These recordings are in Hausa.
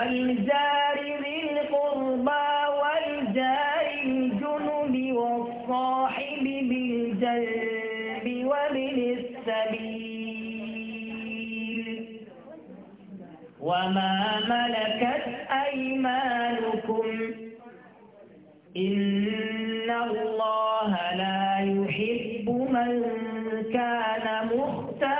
والجار ذي القربى والجار الجنب والصاحب بالجنب وابن السبيل وما ملكت أيمانكم إن الله لا يحب من كان مختار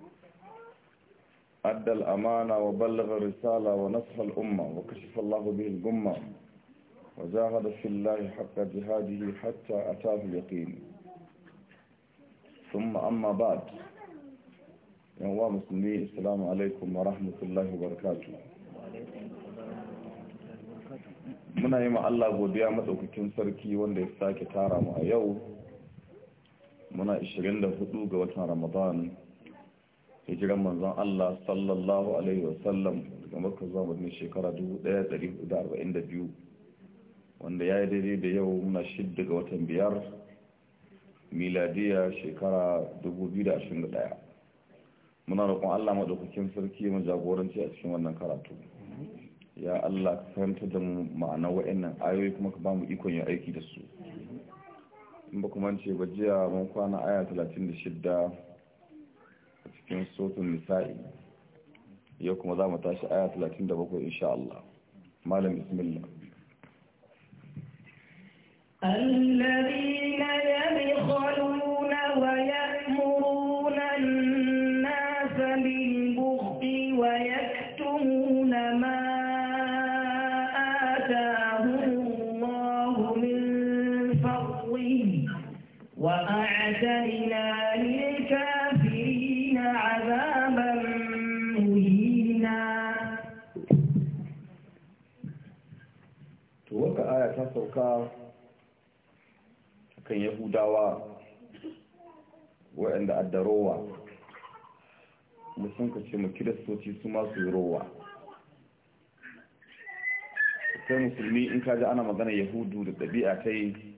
أدى الأمانة وبلغ الرسالة ونصح الأمة وكشف الله به الجمة وجاهد في الله حق جهاده حتى أتاه اليقين ثم أما بعد يا مسلمي السلام عليكم ورحمة الله وبركاته muna yi Allah godiya matsaukakin sarki wanda ya sake tara mu a yau muna 24 ga watan ramadan hijiran manzon Allah sallallahu alaihi wasallam daga makka zuwa madina shekara 1442 wanda ya yi daidai da yau muna shidda ga watan biyar miladiya shekara 2021 muna roƙon Allah maɗaukakin sarki mu jagoranci a cikin wannan karatu ya Allah ka fahimta da mu ma'ana wa'annan ayoyi kuma ka ba mu ikon yin aiki da su in ba kuma ce ba jiya mun kwana aya 36 من صوت النساء يوكم ذا متاش آيات لكن دبقوا إن شاء الله ما لم بسم الله الذين يبخلون ويأمرون الناس shakka kan yahudawa waɗanda addarowa musamman ce mu soci su masu rowa sai musulmi in ka ji ana magana yahudu da ɗabi'a ta yi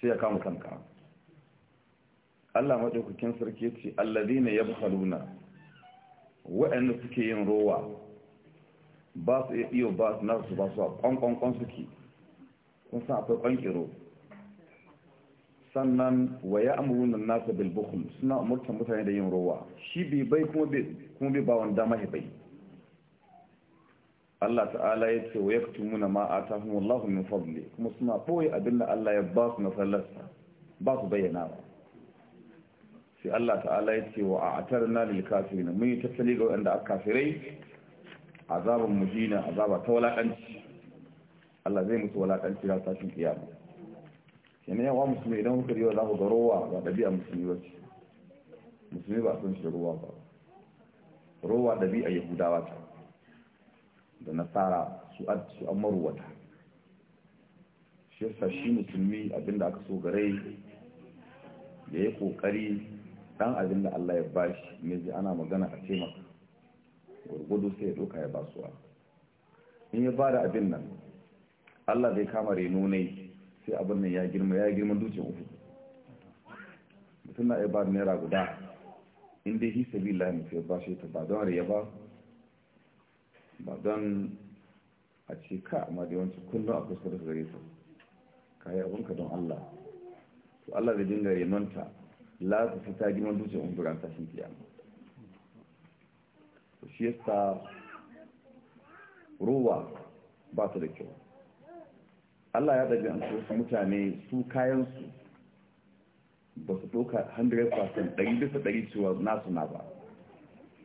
sai ya kama kanka allah maɗaukakin sarki ce allazina ya bukaluna waɗanda suke yin rowa ba su iya iyo ba su nasu ba su a ƙwanƙwanƙwan suke kun san akwai ƙwanƙiro sannan wa ya amuru nan nasa bilbukhul suna umurtan mutane da yin ruwa? shi bai bai kuma bai bawan dama ya bai Allah ta'ala ya ce wa ya fito muna ma'ata kuma Allahun min fadli kuma suna ɓoye abin da Allah ya ba su ba su bayyana ba sai Allah ta'ala ya ce wa a atar na lil na mun yi tattali ga wanda aka kafirai azaban mujina azaba ta walakanci Allah zai musu walakanci ran sashin kiyama kene yawa musulmi idan kuka riwa za ku ga ruwa ba ɗabi'a musulmi ba ce musulmi ba sun shi ruwa ba Ruwa ɗabi'a yahudawa ta da nasara su an maruwata shi sa shi musulmi abinda aka so gare da yi kokari dan abinda Allah ya bashi ne ji ana magana a taimaka gurgudu sai ya doka ya basuwa in ya bada abin nan Allah bai kama reno ne sai abin nan ya girma ya girma dutsen uku mutum na iya ba naira guda inda hi sabi lahin sai ba shi ta ba don riya ba ba don a ce ka amma da yawancin kullum a kusa da gare su ka yi abinka don Allah to Allah zai dinga renonta la su fi ta girma dutsen uku ran tashin kiyama to shi yasa ruwa ba ta da kyau Allah ya an wasu mutane su kayansu ba su ɗauka 100% ɗari bisa ɗari cewa nasu na ba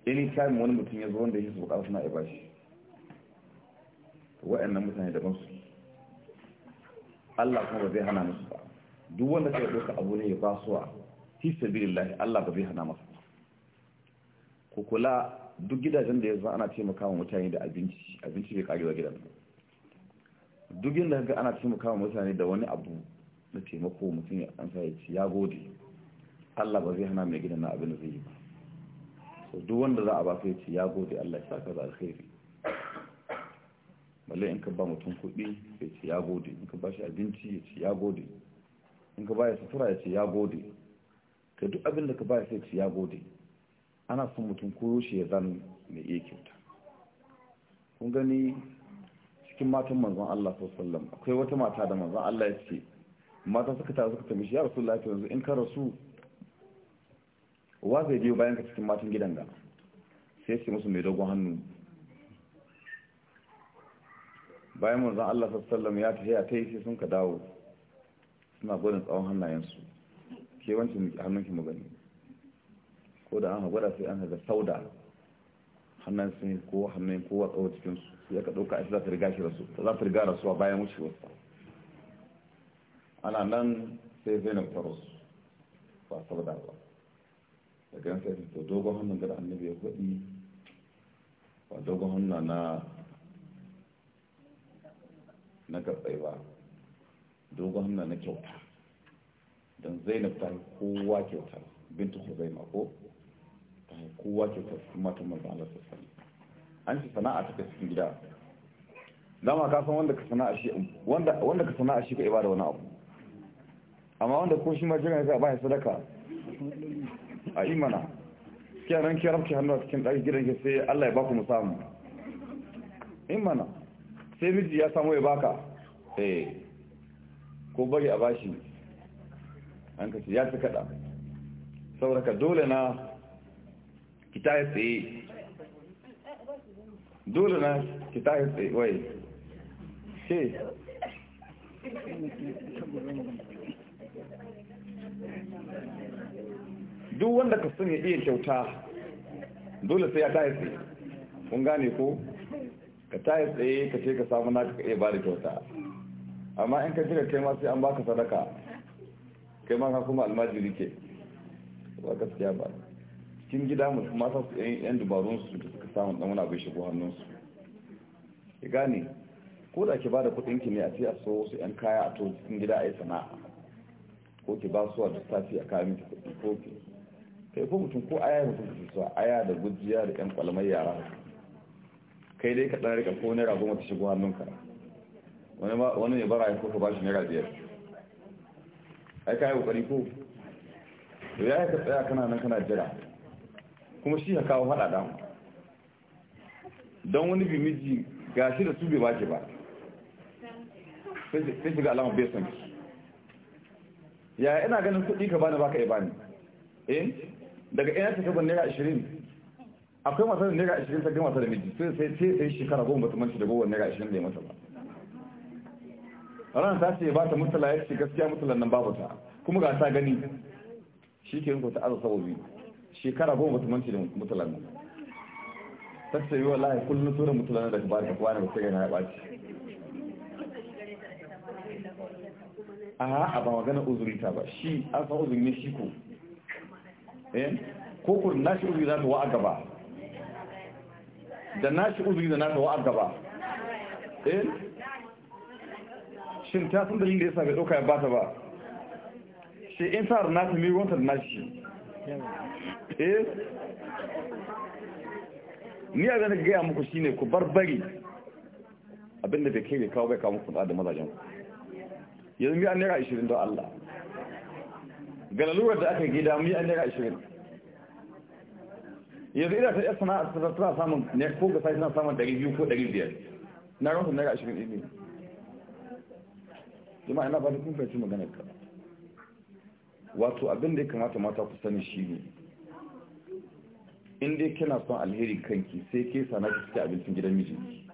anytime wani mutum ya zo wanda ya su buƙatar suna iba shi wa'annan mutane daban su Allah kuma ba zai hana musu ba duk wanda kai ɗauka abu ne ya ba su wa fi sabilillahi Allah ba zai hana masa ku kula duk gidajen da ya zo ana taimaka wa mutane da abinci abinci bai karewa gidan ba duk inda haka ana taimakawa mutane da wani abu na taimako mutum ya an sa ya ci ya gode Allah ba zai hana mai gidan na abin da zai yi ba so duk wanda za a ba sai ci ya gode Allah ya saka da alkhairi balle in ka ba mutum kuɗi sai ci ya gode in ka ba shi abinci ya ci ya gode in ka ba ya sutura ya ci ya gode ka duk abin da ka ba sai ci ya gode ana son mutum koyo shi ya zan mai iya kyauta kun gani cikin matan manzon Allah sallallahu akwai wata mata da manzon Allah ya ce mata suka ta suka tambaye shi ya rasulullahi yanzu in ka rasu wa zai biyo bayan ka cikin matan gidan ga sai ce musu mai dogon hannu bayan manzon Allah sallallahu ya tafi ya tayi sai sun ka dawo suna gwada tsawon hannayensu ke wancin hannunki mu gani ko da an gwada sai an ga sauda hannun sun yi ko hannun kowa tsawo cikinsu ya ka ɗauka ita za ta riga shi rasu za ta riga rasuwa bayan wuce wasu ana nan sai zainab ta rasu ba ta da ba daga yan sai ta dogon hannun gada annabi ya kwaɗi ba dogon hannun na na gatsai ba dogon hannun na kyauta don zainab ta kowa kyauta bintu huzaima ko kowa ke tafi matan a Allah sassani an shi sana'a ta cikin gida dama ka san wanda ka sana'a shi wanda ka sana'a shi ka ibada wani abu amma wanda ko shi ma jiran ya ba ya sadaka a imana kiyaran ki rabki hannu a cikin ɗaki gidan ki sai Allah ya baku mu samu imana sai miji ya samu ya baka eh ko bari a bashi an ka ce ya ci kaɗa saboda ka dole na ki tashi tsaye dole na ki tashi tsaye wai ce duk wanda ka sun ya iya kyauta dole sai ya tashi tsaye kun gane ko ka tashi tsaye ka ce ka samu na ka iya ba da kyauta amma in ka jira kai ma sai an baka sadaka kai ma ka kuma almajiri ke ba gaskiya ba kin gida mata su yan su da suka samu dan wani abu shigo hannunsu ki gane ko da ke ba da ki ne a ce a so su yan kaya a to cikin gida a yi sana'a ko ki ba su a duk tafi a kayan miki kudi ko ki kai ko mutum ko aya mutum ka su aya da gujiya da yan kwalmai yara kai dai ka dan rika ko naira goma ta shigo hannunka wani ne bara ya ko ka ba shi naira biyar ai kai yi ƙoƙari ko to ya ka tsaya kana nan kana jira kuma shi ya kawo faɗa damu don wani bimiji ga shi da su bai baki ba sai shiga alamar bai son yaya ina ganin kuɗi ka bani baka ya bani eh daga ina ta kaban naira ashirin akwai masu da naira ashirin ta gama masar da miji sai sai shekara goma batu manci da gowar naira ashirin da ya mata ba ranar ta ce ba ta mutala ya ce gaskiya mutala nan babu ta kuma ga ta gani shi ke rinko ta arza sabobi shekara goma mutum da mutulan nan ta ce yi wallahi kullum tura mutulan da ba da kwana ba sai yana ya ɓaci aha a ba magana uzuri ta ba shi an san uzuri ne shi ko eh ko kur na shi uzuri za ta wa a gaba da na shi uzuri da na ta wa a gaba eh shin ta san dalilin da yasa bai ɗauka ya bata ba shi in sa na ta mi ruwanta da na shi Eh? ni a ganin gaya muku shi ne ku barbari abinda da ke ne kawo bai kawo muku da mazajen ku yanzu mi an naira ishirin don Allah ga lalurar da aka gida mi an naira ishirin yanzu ina ta yasa na suna samun ne ko ga sai suna samun ɗari biyu ko ɗari biyar na ransu naira ashirin ne jama'a ina ba da kun fahimci maganar ka wato abin da ya kamata mata ku sani shi ne inda kina son alheri kanki sai ke sana ki cikin abincin gidan mijinki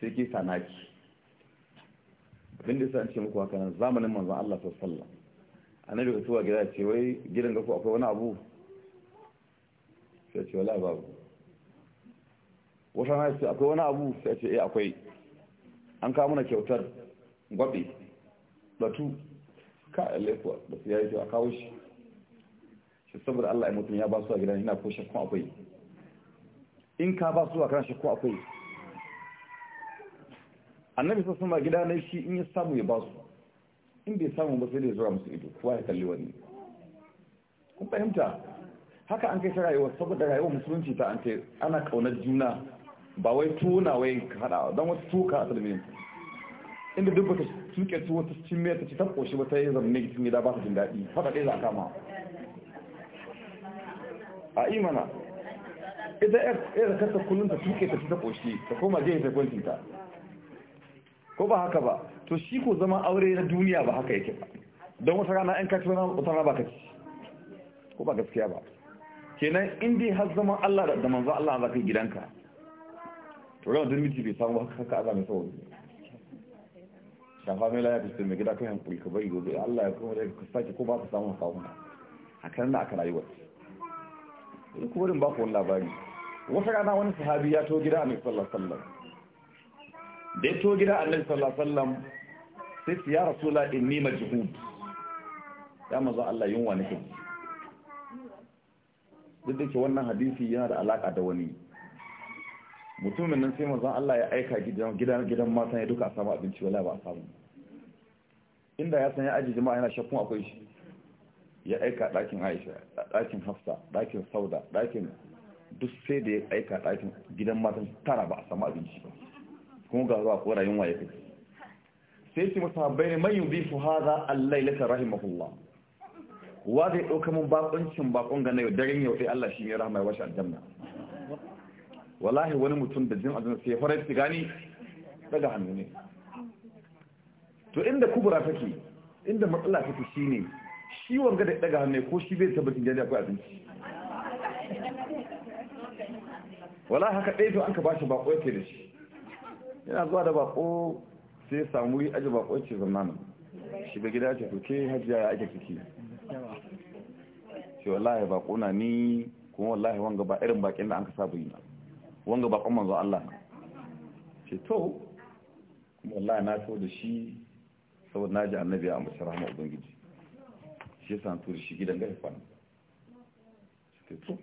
sai ke sana ki abin da ya sa ce muku haka nan zamanin manzan Allah a annabi ka tuwa gida ce wai gidan gaku akwai wani abu sai ce wala babu wata na ce akwai wani abu sai ce eh akwai an kawo mana kyautar gwabe batu ka alaiku da su yayi a kawo shi shi saboda Allah ya mutum ya ba su a gidan yana ko shakkun akwai in ka ba su a kan shakkun akwai annabi sa sama gida na shi in ya samu ya ba su in bai samu ba sai da zuwa musu ido kuwa ya kalli wani kun fahimta haka an kai ta rayuwa saboda rayuwar musulunci ta an kai ana kaunar juna ba wai tuna wai ka hada don wata tuka a talibin inda duk baka sun ƙirci wata cikin mai ta ci ta ƙoshi wata yi zamanin gitin gida ba su jin daɗi haka ɗaya za a kama a imana idan da kasa kullum ta tuke ta ta koshi ta koma jiya ta kwanci ta ko ba haka ba to shi ko zama aure na duniya ba haka yake ba don wata rana yan kacin wata rana ba ka ci ko ba gaskiya ba kenan in dai har zama Allah da manzo Allah za ka gidanka to ran da miji bai samu haka haka azami saboda shafa mai lafiya fiske mai gida kan hankuli ka bai gobe Allah ya kuma daga ke ko ba ka samun sauna a kanan da aka rayuwa in ku ba baku wani labari wasu rana wani sahabi ya to gida a mai sallasallam da ya to gida a mai sallasallam sai su ya rasula inni jihud ya maza Allah yunwa nake duk da ke wannan hadisi yana da alaka da wani mutumin nan sai manzon Allah ya aika gidan gidan gidan matan ya duka a samu abinci wala ba a samu inda ya san ya aji jama'a yana shakkun akwai shi ya aika ɗakin Aisha ɗakin Hafsa ɗakin Sauda ɗakin duk sai da ya aika ɗakin gidan matan tara ba a samu abinci ba kuma ga zuwa ko rayuwa ya kai sai su musabbai ne mai yubifu hadha al-lailata rahimahullah wa zai dauka mun bakuncin bakon ga na yau daren yau sai Allah shi ya rahama ya washe aljanna wallahi wani mutum da jin azumi sai farar gani daga hannu ne to inda kubura take inda matsala take shine shi wanga da daga hannu ko shi bai tabbatin da akwai abinci wallahi haka dai to an ka bashi bako yake da shi yana zuwa da bako sai samu yi aji bako ce nan shi ga gida ce to ke hajiya ya ake ciki ce wallahi bako na ni kuma wallahi wanga ba irin bakin da an ka saba yi na wanga bakon manzo Allah ne ce to wallahi na so da shi saboda na ji annabi a ambaci rahama ubangiji shi yasa an turi shi gidan gashi kwana ce to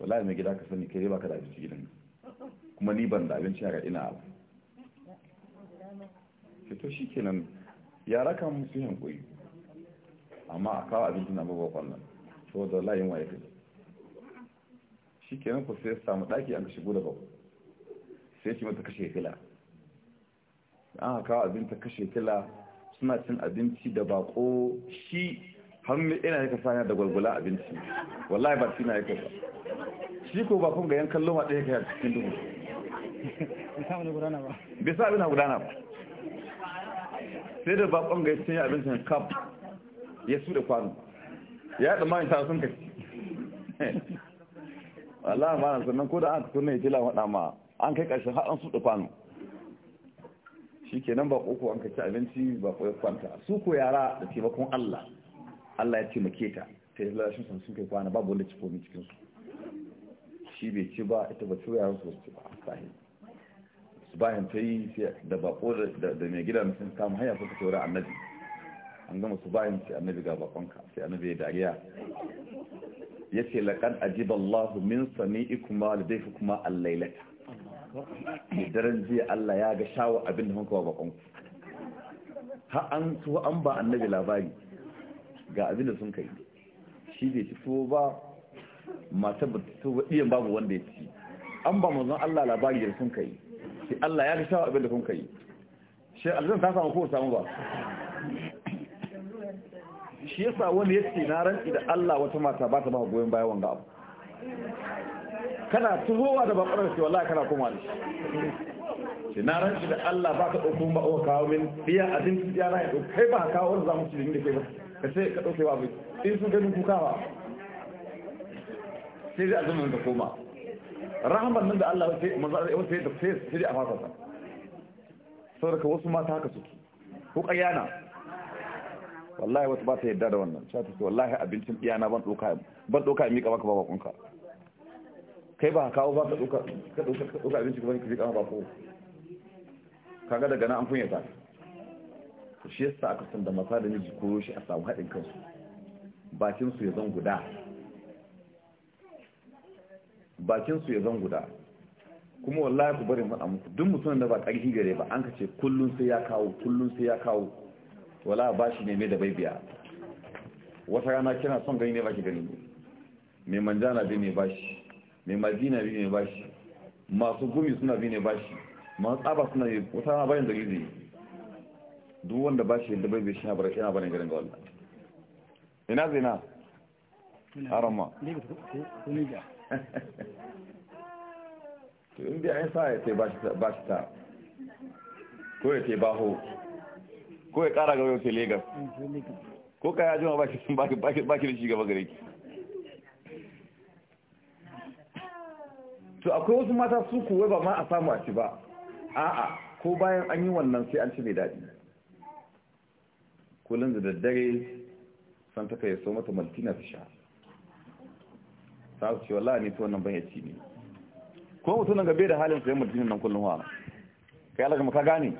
wallahi mai gida ka sani kai ba ka da abinci gidan kuma ni ban da abinci ga ina abu ce to shi kenan yara kan musu hankuri amma a kawo abinci na babakon nan saboda layin waye kai shi kenan ku sai samu ɗaki an ka shigo da babu sai ce mata kashe fila an kawo abin ta kashe fila suna cin abinci da bako shi hannu ina yaka sanya da gwalgwala abinci wallahi ba sina yaka ba shi ko bakon ga yankan loma ɗaya ka yaka cikin duhu bai sa abin na gudana ba sai da bakon ga ya abincin kaf ya su da kwano ya yi tsammanin ta sun kashi Allah ba na sannan ko da an tunne ya jila wada ma an kai karshen har an su da kwano shikenan ba uku an kaci abinci ba ko kwanta su ko yara da taimakon Allah Allah ya ce taimake ta ta yi lashin sun sun kai kwana babu wanda ciko ni cikin su shi bai ci ba ita ba ci yaran su ci ba sahi bayan ta yi da bako da mai gida sun kama haya suka ce annabi an gama su bayan sai annabi ga bakonka sai annabi ya dariya yace laqad ajiballahu min ikuma sami'ikuma ladaykuma al-lailata daren jiya Allah ya ga shawo abin da hankawa bakon ha an so an ba annabi labari ga abin da sun kai shi bai fito ba mata ba fito ba iyan babu wanda ya ci an ba manzon Allah labari da sun kai shi Allah ya ga shawo abin da kun kai shi Allah ta samu ko samu ba shi yasa wani ya ce na rantsi da Allah wata mata ba ta ba goyon baya wanga abu kana tuhowa da bakar ce wallahi kana koma da shi na rantsi da Allah ba ka ɗauko ba a oh, kawo min biya abin ya na yau kai ba ka kawo zamu ci da kai ba ka sai ka ɗauke ba bai in sun ganin kuka ba sai a azumin ka koma rahaman nan da Allah sai manzo Allah sai da sai sai a fara sa saboda wasu mata haka suke ko kayana wallahi wata ba ta yadda da wannan sha ta ce wallahi abincin iyana ban ɗauka ban doka in miƙa maka ba bakunka kai ba kawo ba ka ɗauka ka fi abinci ba ka miƙa kaga daga nan an kunya ta shi yasa aka san da mata da miji koyo shi a samu haɗin kansu bakin su ya zan guda bakin su ya zan guda kuma wallahi ku bari mu amma duk mutumin da ba ƙarfi gare ba an ka ce kullun sai ya kawo kullun sai ya kawo wala ba shi ne mai da bai biya wata rana kina son gani ne ba ki gani mai manjana bi ne ba shi mai madina bi ne ba shi masu gumi suna bi ne ba shi masu tsaba suna yi wata rana bayan gari zai duk wanda ba shi yadda bai bai shi na bara kina bane garin ga wanda. ina zai na arama to in biya ya sa ya ce ba shi ta ko ya ce baho ko ya kara gaba yau Legas ko ka ya ma ba ki da shi gaba gare ki to akwai wasu mata su kuwa ba ma a samu a ci ba a'a ko bayan an yi wannan sai an ci mai daɗi kullum da daddare san ta kai so mata maltina ta sha ta ce wallahi ni to wannan ban ya ci ne ko mutum nan gabe da halin sayan maltina nan kullum wa kai alaka maka gane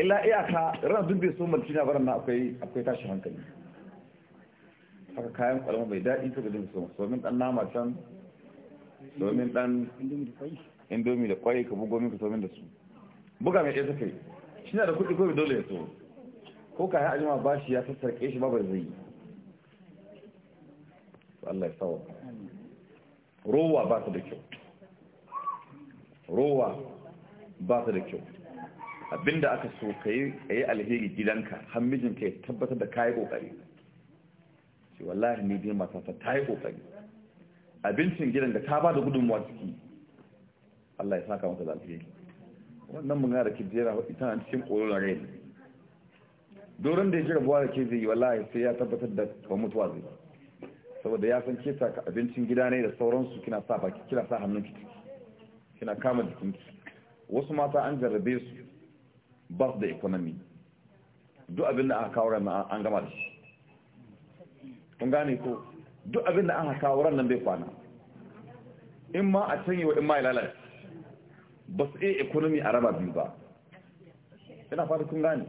illa iyaka ran duk bai so mulki na barin na akwai akwai tashi hankali haka kayan kwalama bai daɗi ta ga dinsu domin dan nama can domin dan indomi da kwaye ka bugo min ka somin da su buga mai ɗaya ta kai shi na da kuɗi ko dole ya so ko ka yi ajima shi ya sassarƙe shi ba bai zai Allah ya sawa rowa ba ta da kyau rowa ba ta da kyau abinda aka so ka yi alheri gidanka har mijinka ya tabbatar da kayi kokari ce wallahi ne biyan matasa ta yi kokari abincin gidan da ta ba da gudunmuwa ciki Allah ya saka masa da alheri wannan mun ga da kijera ita na cikin na rai doron da ya jira buwa da ke zai yi wallahi sai ya tabbatar da ba mutuwa zai saboda ya san ke taka abincin gida ne da sauransu kina sa baki kina sa hannunki kina kama jikinki wasu mata an jarrabe su Bas da economy duk abin da aka kawo ranar an gama da shi kun gane ko duk abin da aka kawo ranar bai kwana in ma a canye wa in ma ya lalata ba su iya economy a raba biyu ba ina fata kun gane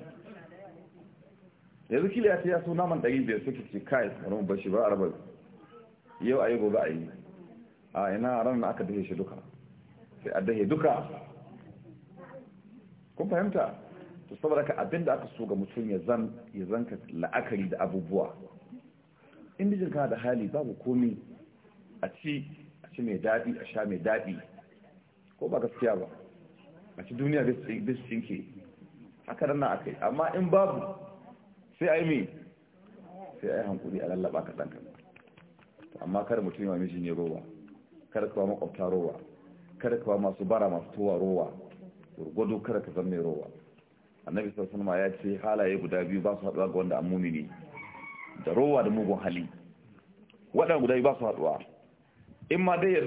yanzu kila ya ce ya so naman ɗari biyar suke ce kai wani bashi ba a raba yau a yi gobe a yi a ina ranar aka dahe shi duka sai a dahe duka kun fahimta to saboda ka abinda aka so ga mutum ya zan ya zanka la'akari da abubuwa in bijin ka da hali babu komi a ci a ci mai daɗi a sha mai daɗi ko ba gaskiya ba a ci duniya su cinke haka nan a kai amma in babu sai a yi mai sai a yi hankuli a lallaba ka ɗanka amma kar mutum yawa mijin ya rowa kar ka ba makwabta rowa kar ka ba masu bara masu towa rowa gurgudu kar ka zan mai rowa annabi sallallahu alaihi wasallam ya ce halaye guda biyu ba su haɗuwa ga wanda amumi ne da rowa da mugun hali waɗanda guda biyu ba su haɗuwa in ma dai ya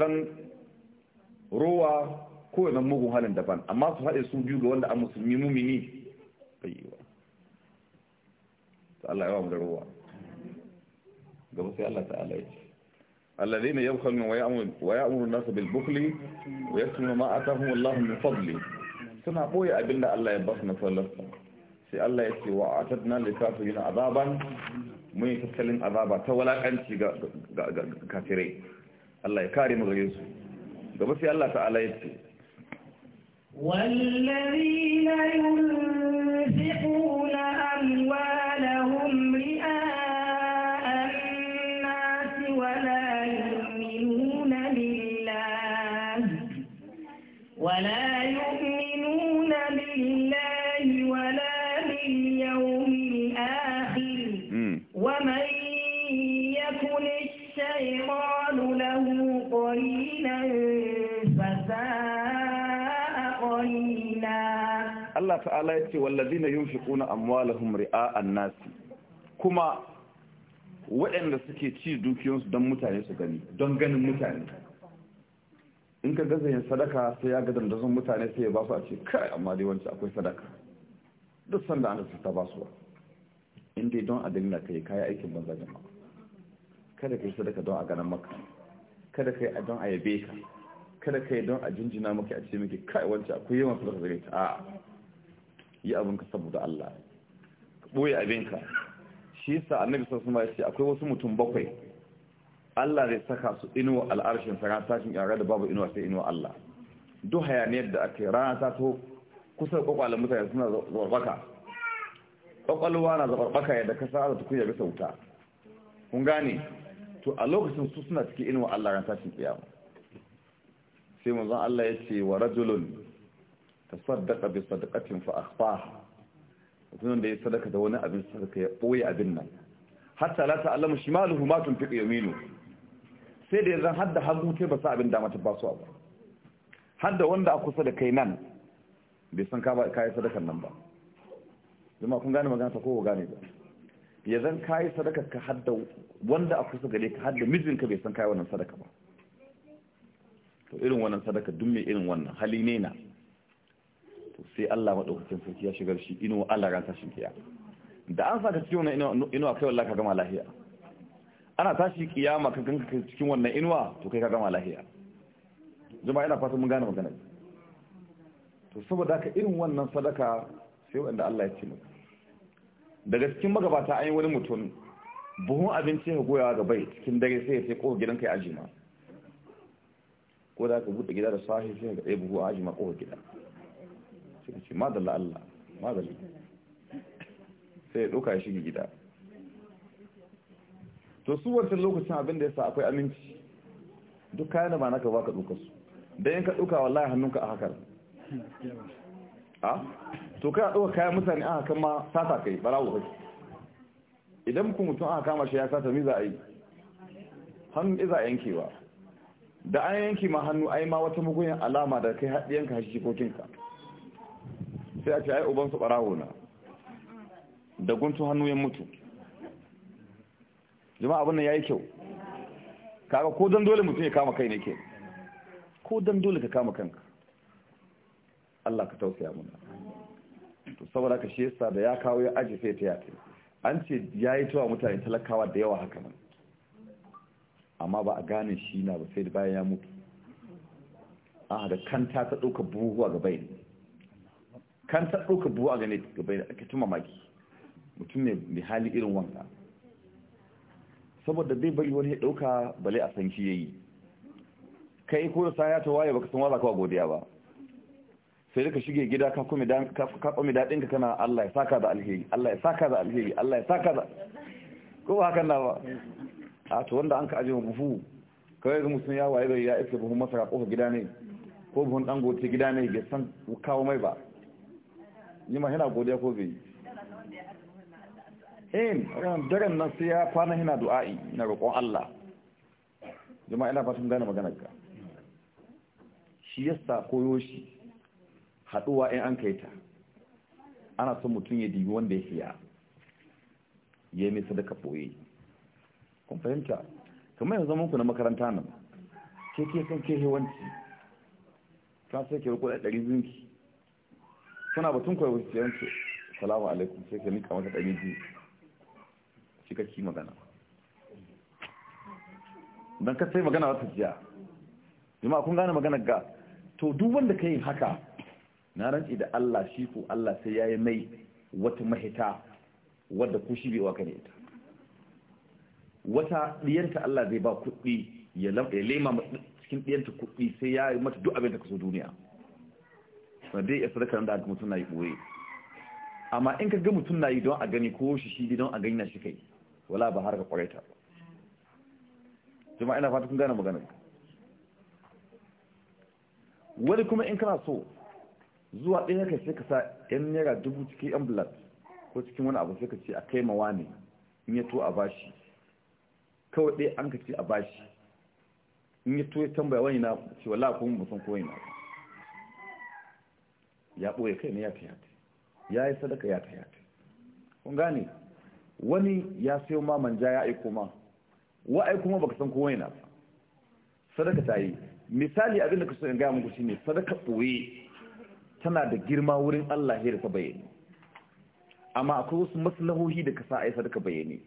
rowa ko ya mugun halin daban amma su haɗe su biyu ga wanda an musulmi mumini bayyawa ta Allah ya wa mu da rowa gaba sai Allah ta'ala ya ce الذين يبخلون ويأمرون الناس بالبخل ويكتمون ما آتاهم الله من فضله suna ɓoye abin da Allah ya ba su na sallarsa sai Allah ya ce wa a tattana lissafi yin azaban mun yi tattalin azaba ta walakanci ga kafirai Allah ya kare mu gare su gaba sai Allah ta'ala ya ce ta'ala ya ce na wala yunfiquna amwalahum ri'a'an nasi kuma waɗanda suke ci dukiyansu don mutane su gani don ganin mutane in ka gaza yin sadaka sai ya ga dandazon mutane sai ya ba su a ce kai amma dai wancan akwai sadaka duk sanda an ta ba su in dai don a dalila kai kayi aikin banza jama'a kada kai sadaka don a ganin maka kada kai don a yabe ka kada kai don a jinjina maka a ce maka kai wancan akwai yawan sadaka zai ta a'a yi abinka saboda Allah boye abinka shi yasa annabi sallallahu alaihi wasallam ya ce akwai wasu mutum bakwai Allah zai saka su inuwa al'arshin sa tashin yara da babu inuwa sai inuwa Allah duk hayaniyar da ake rana ta to kusa kwakwalen mutane suna zarbaka kwakwalwa na zarbaka yadda ka sa ta kunya bisa wuta kun gane to a lokacin su suna cikin inuwa Allah ran tashin kiyama sai manzon Allah ya ce wa rajulun tasaddaqa bi sadaqatin fa akhfaha mutumin da ya sadaka da wani abin sadaka ya boye abin nan hatta la ta'lamu shimaluhu ma tunfiq yaminu sai da yanzu hadda hagu sai ba sa abin da mata ba su abu hadda wanda a kusa da kai nan bai san ka ba kai sadakan nan ba jama'a kun gane magana ta ko gane ba ya zan kayi sadakar ka hadda wanda a kusa gare ka hadda mijinka bai san kayi wannan sadaka ba to irin wannan sadaka duk mai irin wannan hali ne na sai Allah maɗaukacin sarki ya shigar shi inu Allah ran tashin kiya da an saka cikin wannan inuwa kai wallahi ka gama lahiya ana tashi kiyama ka ganka cikin wannan inuwa to kai ka gama lahiya jama'a ina fatan mun gane magana to saboda haka irin wannan sadaka sai wanda Allah ya ce maka daga cikin magabata an yi wani mutum buhun abinci ya goyawa ga bai cikin dare sai ya sai ko gidan kai ajima ko da ka buɗe gida da sahi sai ka ɗaya buhu a ajima ko gida sai ce ma da la'alla sai ya ɗauka shiga gida to su wancan lokacin abin da ya sa akwai aminci duk kayan da ba naka ba ka ɗauka su da yin ka ɗauka wallahi hannunka a hakar a to kai a ɗauka kayan mutane hakan ma sata kai barawo kai idan ku mutum aka kama shi ya sata mi za a yi hannun iza yankewa da an yanki ma hannu ai ma wata mugunyan alama da kai haɗiyanka hashi kokinka sai a ce ai uban su barawo na da guntun hannu ya mutu jama'a abin nan yayi kyau kaga ko dan dole mutum ya kama kai ne ke ko dan dole ka kama kanka Allah ka tausaya muna to saboda ka shi yasa da ya kawo ya aje sai ta yace an ce yayi tawa mutane talakawa da yawa haka nan amma ba a gane shi na ba sai bayan ya mutu A da kanta ta dauka buhuwa ga bai kan ta ɗauka buwa a gane gaba da ake tuma maki mutum ne mai hali irin wanka saboda bai bari wani ya ɗauka bale a san shi ya yi kai ko da sa ya ta waye baka san waza kawa godiya ba sai ka shige gida ka kuma daɗin ka kana Allah ya saka da alheri Allah ya saka da alheri Allah ya saka da ko ba hakan na ba a to wanda an ka aje buhu kawai ga mutum ya waye bai ya iske buhun masara kofar gida ne ko buhun dangote gida ne bai san kawo mai ba yi ma yana godiya ko bai in ran daren nan sai ya kwana yana du'a'i na roƙon Allah jama'a ina fatan gane maganar ka shi yasa koyo shi haduwa in an kaita ana son mutum ya dibi wanda ya siya ya mai sadaka boye kun fahimta kamar yanzu zaman ku na makaranta nan ke ke kan ke hewanci ta sai ke riko da ɗari zinki kana batun kawai wasu salamu alaikum sai ka nika mata ɗari biyu shi kaki magana don ka sai magana wata jiya jama'a kun gane magana ga to duk wanda ka yi haka na rantsi da Allah shi ko Allah sai ya yi mai wata mahita wadda ku shi bewa ka ne ita wata ɗiyanta Allah zai ba kuɗi ya lema cikin ɗiyanta kuɗi sai ya yi mata duk abin da ka so duniya sanadai ya sadaka da aka mutum na yi ɓoye amma in ka ga mutum na yi don a gani ko shi shi don a gani na shi kai wala ba har ka ƙwarai ta jama'a ina fata kun gane maganar wani kuma in kana so zuwa ɗaya kai sai ka sa yan naira dubu cikin yan blood ko cikin wani abu sai ka ce a kai mawa ne in ya to a bashi kawai ɗaya an ka ce a bashi in ya to ya tambaya wani na ce wala kuma musan koyi na ba ya ɓoye kai ne ya tayata ya yi sadaka ya tayata kun gane wani ya sayo ma manja ya aiko ma wa aiko ma baka san kowa yana ba sadaka ta yi misali abin da ka so in gaya muku shine sadaka ɓoye tana da girma wurin Allah ya rufe bayani amma akwai wasu maslahohi da ka sa a yi sadaka bayani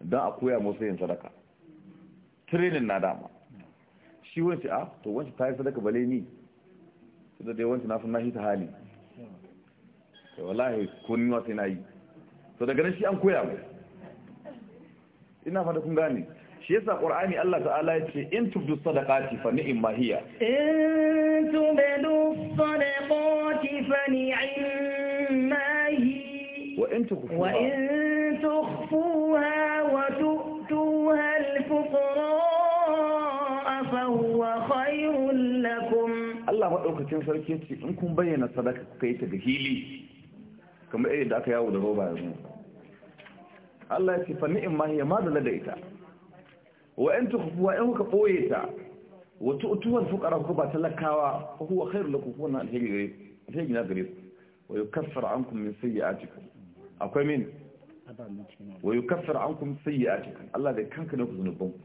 don a koya musu yin sadaka training na dama shi wancan a ah, to wance ta yi sadaka bale ni da dai wancan na na hita hali to wallahi ko ni wata na yi to daga nan shi an koya mai ina fata kun gane shi yasa qur'ani Allah ta'ala ya ce in tubdu sadaqati fa ni'ma hiya in tubdu sadaqati fa ni'ma hiya wa in tukhfuha wa in tukhfuha Allah maɗaukacin sarki ya ce in kun bayyana sadaka kuka yi ta da hili kamar irin da aka yawo da roba yanzu Allah ya ce fa ni'im ma hiya madala da ita wa in tukhfuha in kuka boye ta wa tu'tuha fuqara kuka ba talakawa fa huwa khairu lakum kuna alheri gare alheri na gare wa yukaffiru ankum min sayyi'atikum akwai min wa yukaffiru ankum sayyi'atikum Allah da kanka ne ku zunubanku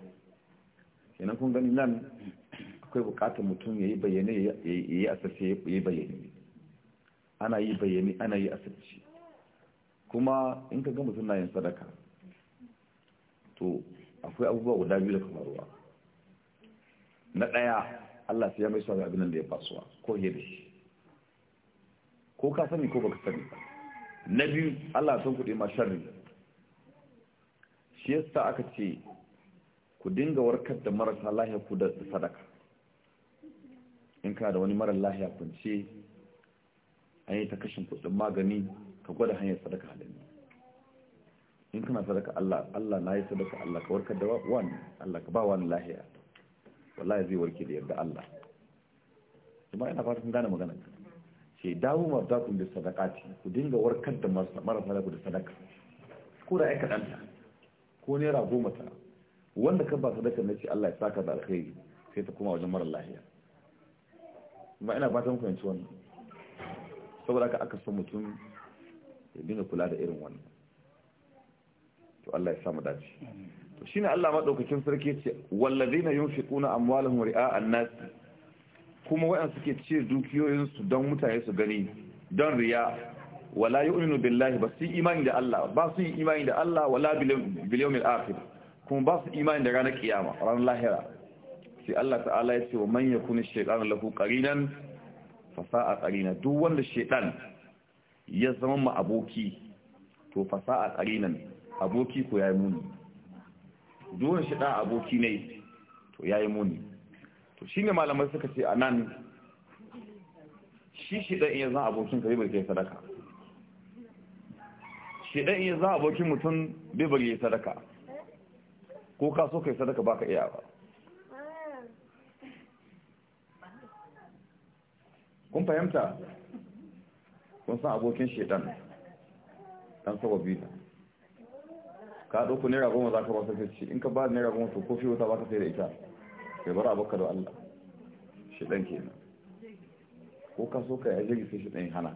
kenan kun gani nan akwai bukatar mutum ya yi bayyane ya yi asirce ya yi bayyane ana yi bayyane ana yi asirce kuma in ka ga mutum na yin sadaka to akwai abubuwa guda biyu da kamaruwa na ɗaya Allah sai ya mai sauran abinan da ya fasuwa ko ya da shi ko ka sani ko baka sani ba na biyu Allah sun kuɗi ma sharri shi yasa aka ce ku dinga warkar da marasa lahiya ku da sadaka in ka da wani marar lahiya kwance an yi ta kashin kudin magani ka gwada hanyar sadaka halin in kana sadaka Allah Allah na yi sadaka Allah ka warkar da wani Allah ka ba wani lahiya wallahi zai warke da yadda Allah kuma ina fata sun gane magana ce dawo ma za ku sadaka ce ku dinga warkar da marasa sadaka da sadaka ko da aika ɗanta ko naira goma ta wanda ka ba sadaka na ce Allah ya saka da alkhairi sai ta koma wajen mara lahiya ba ina fatan yanci wannan saboda haka aka so mutum ya dinga kula da irin wannan to Allah ya sa mu dace to shine Allah madaukakin sarki ce wallazina yunfiquna amwalahum ri'a an-nas kuma waɗanda suke ce dukiyoyinsu don mutane su gani don riya wala yu'minu billahi ba su imani da Allah ba su imani da Allah wala bil yawmil akhir kuma ba su imani da ranar kiyama ranar lahira sai Allah ta'ala ya ce wa man yakunu shaytanu lahu qarinan fa sa'a qarinan duk wanda shaytan ya zama ma aboki to fa sa'a qarinan aboki ko yayi muni duk wanda shaytan aboki ne to yayi muni to shine malamai suka ce anan shi shaytan ya zama abokin ka bai kai sadaka shaytan ya zama abokin mutum bai bari sadaka ko ka so kai sadaka baka iya ba kun fahimta kun san abokin shedan dan saba biyu ka ɗauku naira goma za ka ba sai ce in ka ba naira goma to kofi wata ba ka sai da ita sai bara abokan da Allah ke nan. ko ka so ka yi yaje sai shedan hana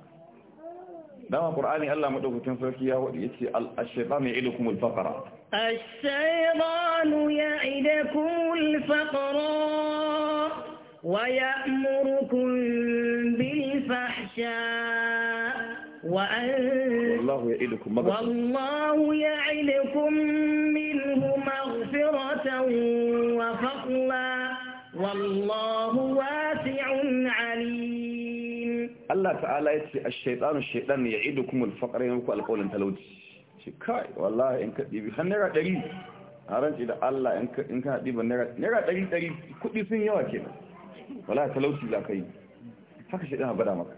dama qur'ani Allah madaukakin sarki ya wadi yace ash-shaytanu ya'idukum al-faqra ash-shaytanu ya'idukum al-faqra ويأمركم بالفحشاء وأن والله يعدكم مغفرة والله يعدكم منه مغفرة وفضلا والله واسع عليم الله تعالى يتي الشيطان الشيطان يعدكم الفقر ينكو القول انت لو kai wallahi in ka ɗibi har naira ɗari a ranci da Allah in ka ɗiba naira ɗari ɗari kuɗi sun yawa kenan wala talauci za ka yi haka shi ɗana bada maka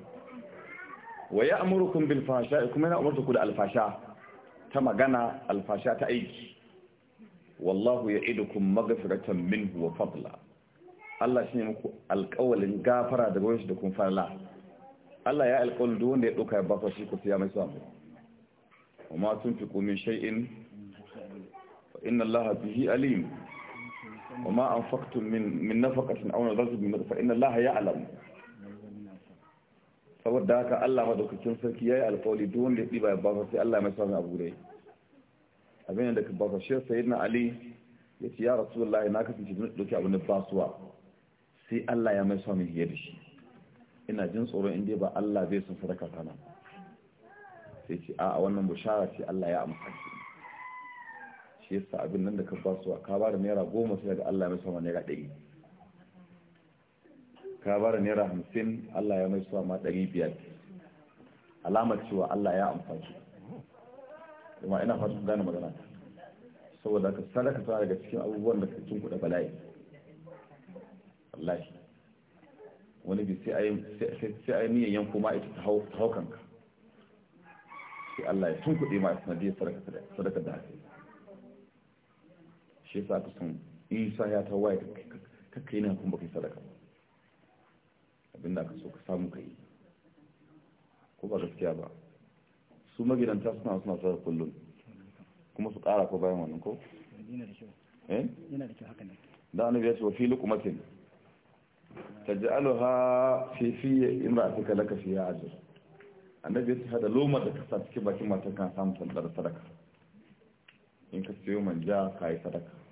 wa ya amurukun bil fasha kuma yana umarta ku da alfasha ta magana alfasha ta aiki wallahu ya idukun magafiratan min wa fadla Allah shi ne muku alkawalin gafara daga wani shi da kun farla Allah ya alkawalin duk wanda ya ɗauka ya ba shi ku siya mai samu wa ma fi min shay'in fa inna bihi alim وما أنفقتم من من نفقة أو نرزق من فإن الله يعلم saboda haka Allah madaukakin sarki yayi alƙawari duk wanda ya diba ya baka sai Allah mai sa mai abu dai abin da ka baka shi sayyidina Ali ya ce ya rasulullahi na kasance duk doki abu ne basuwa sai Allah ya mai sa mai hiye da shi ina jin tsoro in inda ba Allah zai sun sadaka kana sai ce a wannan bushara ce Allah ya amsa shi shi yasa abin nan da ka ba su ka ba da naira goma sai daga Allah mai sama naira ɗari ka ba da naira hamsin Allah ya mai sama ma ɗari biyar alamar cewa Allah ya amfani kuma ina fatan gane magana saboda ka sadaka ta daga cikin abubuwan da cikin kuɗa bala'i Allah wani bi sai ayi sai ayi niyan yanko ma ita ta haukanka. sai Allah ya tunkuɗe ma sanadiyar sadaka da haka shi yasa aka san isa ya ta waye ka kai na kuma kai sadaka abinda aka so ka samu kai ko ba gaskiya ba su magidanta suna suna sadaka kullum kuma su ƙara ko bayan wannan ko eh yana da kyau haka ne da annabi ya ce wa fi luqmatin taj'alha fi fi imra'atika laka ya ajr annabi ya ce hada loma da kasa cikin bakin matar kan samu sadaka in ka siyo manja ka yi sadaka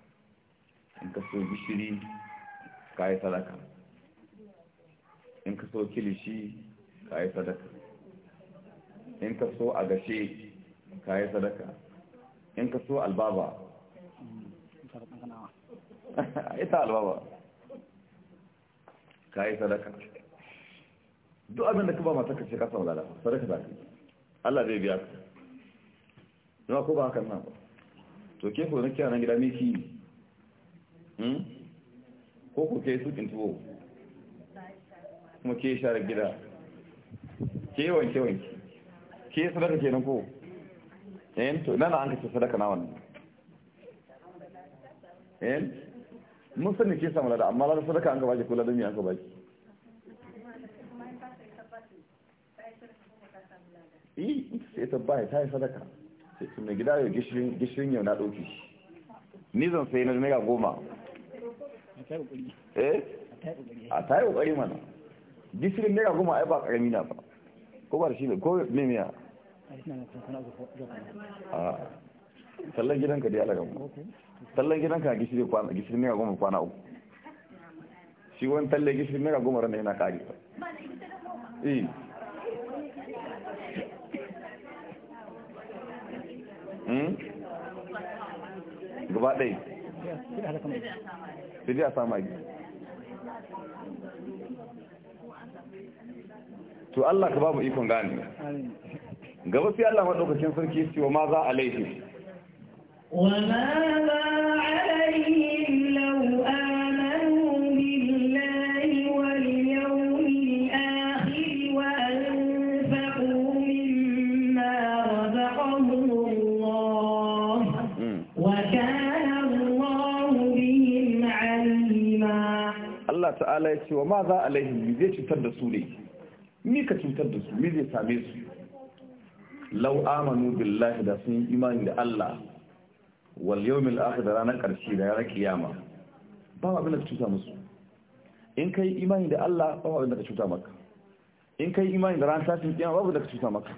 in ka so gishiri ka yi sadaka in ka so kilishi ka yi sadaka in ka so agashe ka yi sadaka in ka so albaba ita albaba ka yi sadaka duk abin da ka ba mata kashe ce kasa lalata, sadaka za ka yi Allah zai biya ka. zama ko ba hakan nan ba. To ke na kiyanan gida miki Hmm? ko ku ke sukin tuwo kuma ke share gida ke wanke wanke ke sadaka kenan ko eh to nan an kace sadaka na wannan eh mun sani ke samu da amma lada sadaka an gaba ki kula da mi an gaba ki eh sai ta bai ta sadaka sai mai gida ya gishirin gishirin yau na dauki ni zan sai na mega goma a ta yi kokari mana disirin naira goma ai ba karami na ba ko ba shi ne ko ne miya a tallan gidanka da yalaga mu sallan gidanka gishiri kwana gishiri naira goma kwana uku shi wani talle gisirin naira goma rana yana kari ba eh. hmm? gaba ɗaya sai dai a sa magi to Allah ka babu mu ikon gane gaba sai Allah maɗaukacin sarki ya ce wa ma za a laifin wa ma za a laifin ta'ala ya ce wa ma za alaihim zai cutar da su ne ni ka cutar da su ni zai same su lau amanu billahi da sun yi imani da Allah wal yawmil akhir da ranar karshe da ranar kiyama ba abin da ka cuta musu in kai imani da Allah ba abin da ka cuta maka in kai imani da ranar tashin kiyama babu da ka cuta maka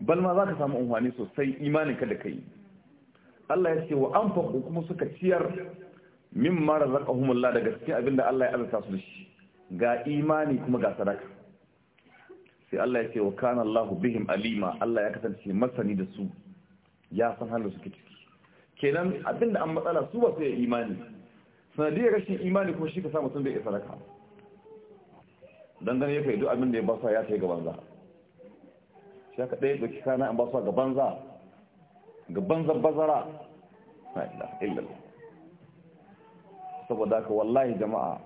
bal ma za ka samu unhwani sosai imanin ka da kai Allah ya ce wa anfaqu kuma suka ciyar min mara zaƙahumullah daga cikin abin da Allah ya azata su shi ga imani kuma ga sadaka sai Allah ya ce wa kana Allah bihim alima Allah ya kasance masani da su ya san halin su ciki kenan abin da an matsala su ba su ya imani sanadiyar rashin imani kuma shi ka sa mutum bai sadaka dan ya kai duk abin da ya basa ya kai gaban za shi aka ɗaya ɗauki kana an basa su gaban za gaban bazara la ilaha illallah saboda ka wallahi jama'a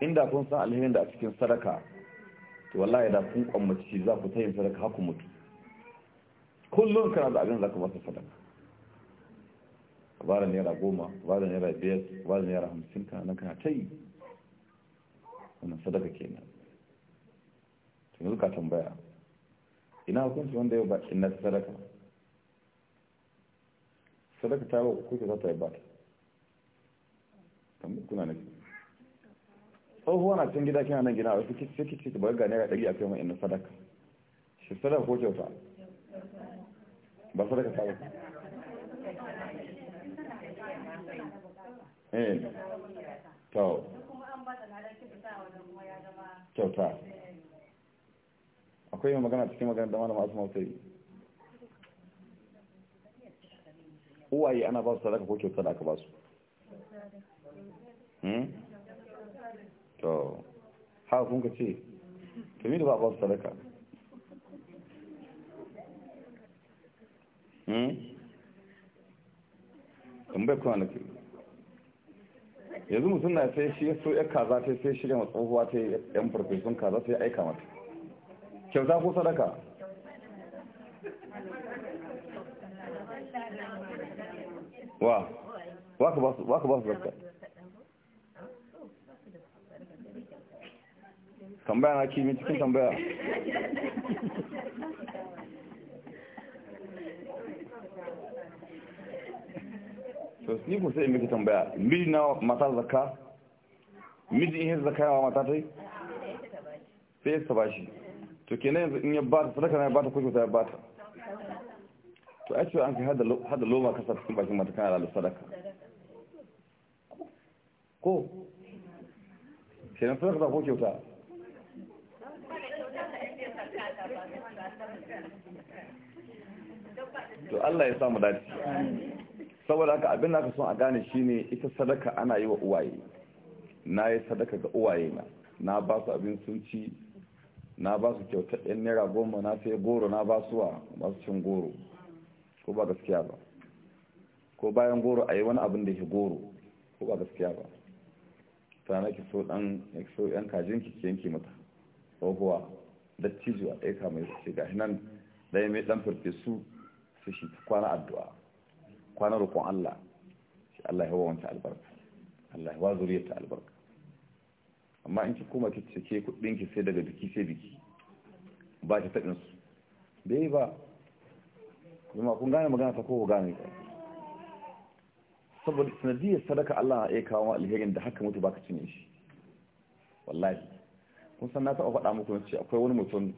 inda kun san alherin da a cikin sadaka to wallahi da kun kwammaci za ku ta sadaka haku mutu kullum kana da abin za ka masa sadaka ba da naira goma ba da naira biyar ba da naira hamsin kana nan kana ta yi wannan sadaka kenan to yanzu ka tambaya ina hukunci wanda ya ba ina sadaka sadaka ta yi wa kuka za ta yi ba ta kuna nufi tsohuwa na can gida kina nan gina wasu kici kici ba ga naira ɗari a kai mai inda sadaka shi sadaka ko kyauta ba sadaka ta ba eh to kyauta akwai magana cikin magana dama da masu asma uwaye ana ba su sadaka ko kyauta da aka ba su Hmm? to haka kun ka ce tumi da ba ba su sadaka in hmm? bai na nufi yanzu mutum na sai shi so ya kaza ta sai shirya masu tsohuwa ta yan farfesun kaza sai aika mata kyauta ko sadaka wa ba ka ba su zakka tambaya na kimi cikin tambaya to ni ku sai miki tambaya miji na mata zakka miji in zakka yawa mata tai sai ta bashi to kenan yanzu in ya ba ta sadaka na ba ta ko ta ba ta to ai ce an kai hada hada loma kasa cikin bakin mata kana da sadaka ko kenan sadaka ko kyauta to Allah ya samu dace saboda haka abin da aka son a gane shine ita sadaka ana yi wa uwaye na yi sadaka ga uwaye na na ba su abin sun ci na ba su kyauta ɗin naira goma na sai goro na ba su wa masu cin goro ko ba gaskiya ba ko bayan goro a yi wani abin da ke goro ko ba gaskiya ba sana ki so dan so yan kajin ki yanke mata da dattijo a kama mai ce gashi nan ɗaya mai ɗan farfesu su shi kwana addu'a kwana rukun Allah shi Allah ya wawanta albarka Allah ya wa zuriyarta albarka amma in ki kuma ki cike kuɗin ki sai daga biki sai biki ba ki taɗin su bai ba kuma kun gane magana ta ko gane ba saboda sanadiyar sadaka Allah ya kawo alherin da haka mutu baka cinye shi wallahi kun san na taɓa faɗa muku na ce akwai wani mutum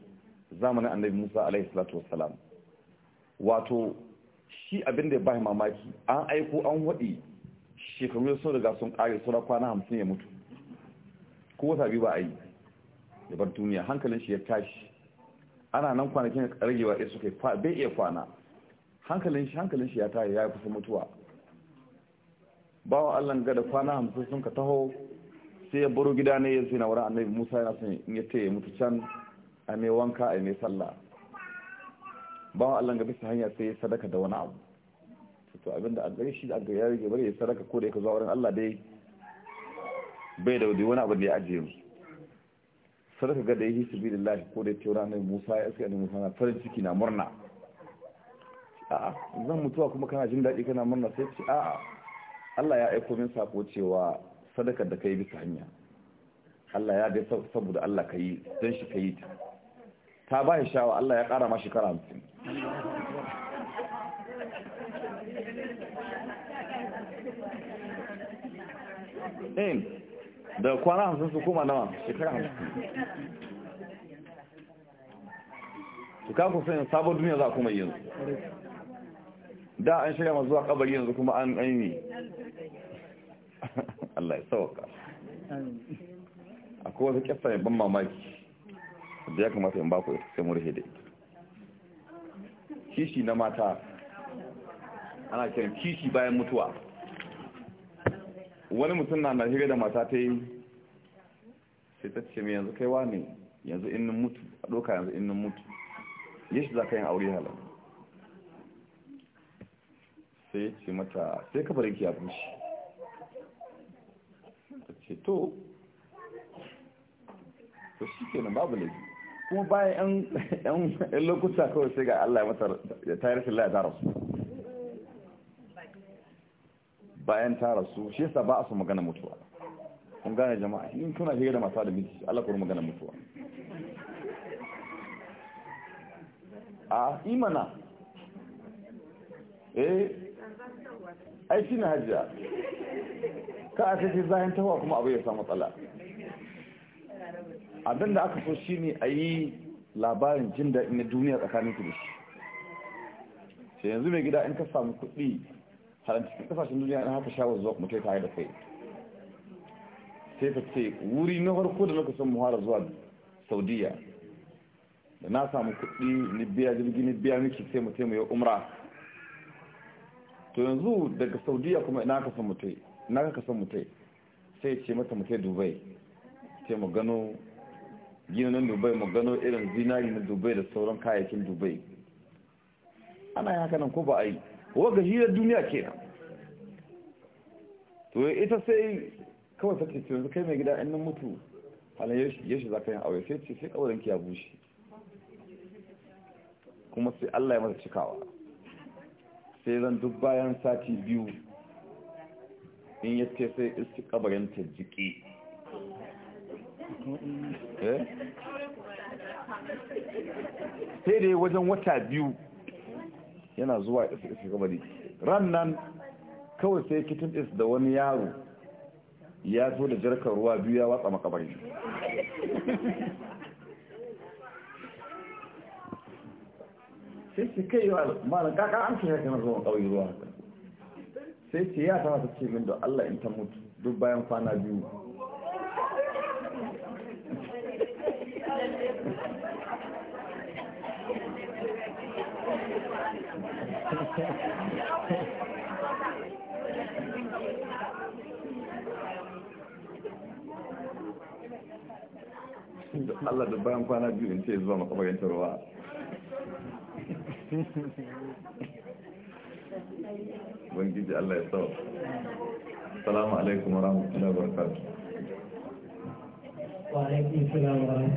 zamanin annabi Musa alaihi salatu wassalam wato shi abin da ya bai mamaki an aiko an waɗi shekaru sun riga sun ƙare sura kwana hamsin ya mutu ko wata biyu ba a yi da bar duniya hankalin shi ya tashi ana nan kwanakin ragewa ya suka bai iya kwana hankalin shi hankalin shi ya tashi ya kusa mutuwa bawa Allah ga da kwana hamsin sun ka taho sai ya baro gida ne ya zai na wurin annabi Musa ya sun ya ce ya mutu can a mai wanka a mai sallah bawa Allah ga bisa hanya sai ya sadaka da wani abu to abinda a gari shi a gari ya rage bari ya sadaka ko da yake zuwa wurin Allah dai bai da wani abu da ya ajiye mu sadaka ga da ya yi sabilillahi ko da ya ce wurin annabi Musa ya sai annabi Musa na farin ciki na murna a'a zan mutuwa kuma kana jin daɗi kana murna sai ce a'a Allah ya aiko min sako cewa sadakar da kai bisa hanya Allah ya dai saboda Allah ka yi don shi ka yi ta ta ba shawa Allah ya ƙara ma shekara hamsin in da kwana hamsin su kuma nawa shekara hamsin su kafin sayin sabon duniya za kuma yanzu da an shirya mazuwa kabari yanzu kuma an aini Allah ya sauka akwai wasu kyasa mai ban mamaki da ya kamata in ita sai murhe da ita kishi na mata ana kiran kishi bayan mutuwa wani mutum na nahiri da mata ta yi sai ta ce mai yanzu kaiwa ne yanzu innin mutu a doka yanzu innin mutu yashi za ka yin aure halar sai ce mata sai bari ki ya fushi ta ce to to shi ke nan babu laifi kuma bayan yan lokuta kawai sai ga Allah ya matar ya tayar shi Allah ya tara su bayan tara su shi yasa ba a su magana mutuwa kun gane jama'a in kuna shiga da masu da miji Allah kuma magana mutuwa a imana eh ai shi na hajiya ka a sai bayan tawa kuma abu ya samu matsala abin da aka so shi ne a yi labarin jin daɗi na duniya tsakanin ku da sai yanzu mai gida in ka samu kuɗi harantakin kasashen duniya na haka shawar zuwa kuma kai tare da kai sai ka ce wuri na farko da lokacin san muhara zuwa saudiya da na samu kuɗi biya jirgin biya miki sai mu taimaka umra to yanzu daga saudiya kuma ina ka san mutai na ka san mutai sai ce mata mutai dubai ce mu gano ginin dubai mu gano irin zinari na dubai da sauran kayayyakin dubai ana yi haka nan ko ba a yi ga hirar duniya kenan to ita sai kawai take ce yanzu kai mai gida in mutu halin yashi za ka yin aure sai ce sai ki ya bushe kuma sai Allah ya masa cikawa sai zan duk bayan sati biyu in ya ce sai iski kabarin ta jiki eh? sai da wajen wata biyu yana zuwa iska iska kabari ran nan kawai sai kitin is da wani yaro ya zo da jarkar ruwa biyu ya watsa makabari sai su kai yi yawa malam kakar an shi ya kama zuwa kawai zuwa haka sai ce ya ta ta ce min da Allah in ta mutu duk bayan kwana biyu Allah da bayan kwana biyu in ce zuwa makabarin ruwa ubangiji Allah ya tsawo salamu alaikum wa rahmatullahi wa barakatuh wa alaikum salam wa